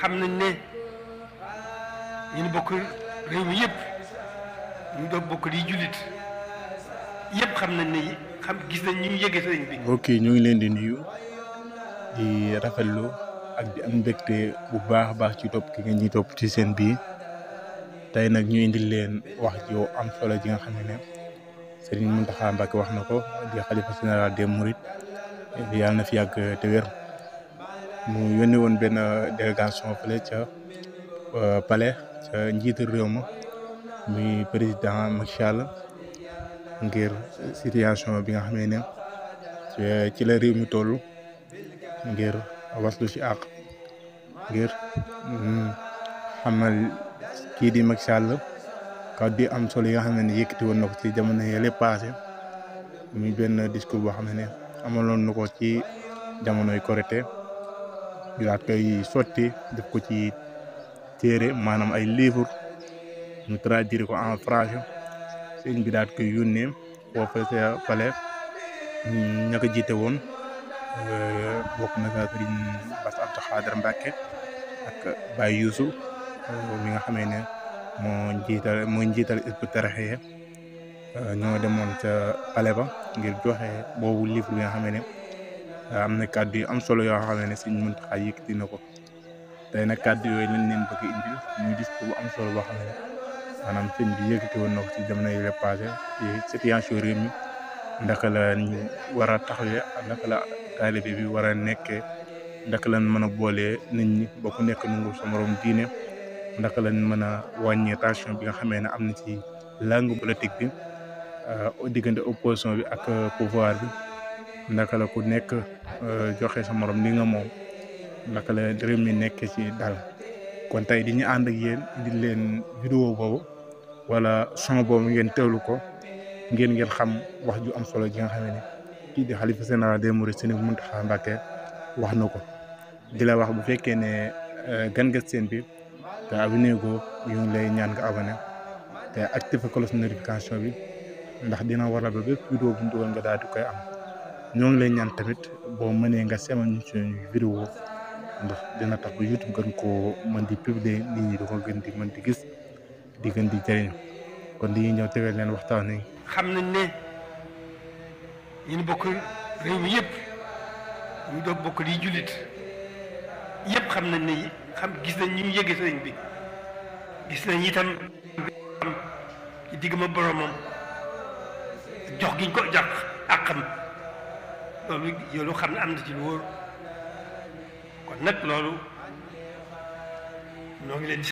xam nañ ne ñu bokk réew mi yëpp ñu doon bokk di jullit yëpp xam nañ ne xam gis nañ ñu yëge sëriñ bi. mbokk yi ñu ngi leen di nuyu di rafetlu ak di am mbégte bu baax a baax ci topp ki ngeen ñuy topp ci seen biir tey nag ñu indi leen wax ju am solo ji nga xam ne Serigne Mountakha Mbacké wax na ko di xalifa général des Mourides yàlla na fi yàgg te wér. mu yónni woon benn délégation fële ca euh, palais ca njiitu réew ma muy président Macky Sall ngir situation bi nga xamee ne ci la réew mi toll ngir waslu ci àq ngir mm, xamal kii di Macky Sall kàddu am solo yi nga xam ne yëkkati woon na ko ci jamono yële passé muy benn discours boo xam ne amaloon na ko ci jamonoy Korité ñu daat koy sotti def ko ci téere maanaam ay livre ñu traduire ko en français sëñ bi daat koy yónnee foofu sa fale ña jiite woon eh, bokk na sa sëriñ Bass Abdou Khadre Mbacke ak Baye Youssou eh, mi nga xamee ne moo njiital moo njiital isbu taraxee eh, ñoo demoon ca pale ba ngir joxe boobu livre bi nga xamee ne am na kàddu yu am solo yoo xam ne sëñ Muntaxa yëkkati na ko tey nag kàddu yooyu lañ leen bëgg indil ñu gis bu am solo boo xam ne maanaam sëñ bi yëkkati woon na ko ci jamono yi la passé ci situation réew mi ndaka la war a taxawee la taalibe bi war a nekkee ndaka lañ mën a boolee nit ñi ba ku nekk nungu sa morom diine ndaka lañ mën a wàññee tension bi nga xamee ne am na ci langue politique bi a euh, diggante opposition bi ak pouvoir bi naka la ku nekk euh, joxe sa moroom li nga moom naka la réew mi nekke ci dal kon tey di ñu ànd ak yéen di leen vidéo boobu wala son boobu ngeen teewlu ko ngeen ngeen xam wax ju am solo ji nga xam ne kii di xalifa général des wax na ko di la wax bu fekkee ne euh, gan nga seen bi te abonné go yu lay ñaan nga abonné te activé cloche notification bi ndax dina waral ba bépp vidéo bu ñu nga daal di koy am ñoo ngi lay ñaan tamit boo mënee nga semal ñu ci vidéo ndax dina tax gën koo mën di publier nit ñi da ko gën di mën di di kon li ñuy ñëw tegal leen waxtaan yi. xam na ne ñu bokk réew mi ñu doon bokk di jullit xam na ne xam gis nañ ñu mu sëriñ bi gis nañ itam ci digg ma boromam jox giñ ko jàq àqam. loolu yow xam ne am na ci lu wóor kon nag loolu noo ngi leen di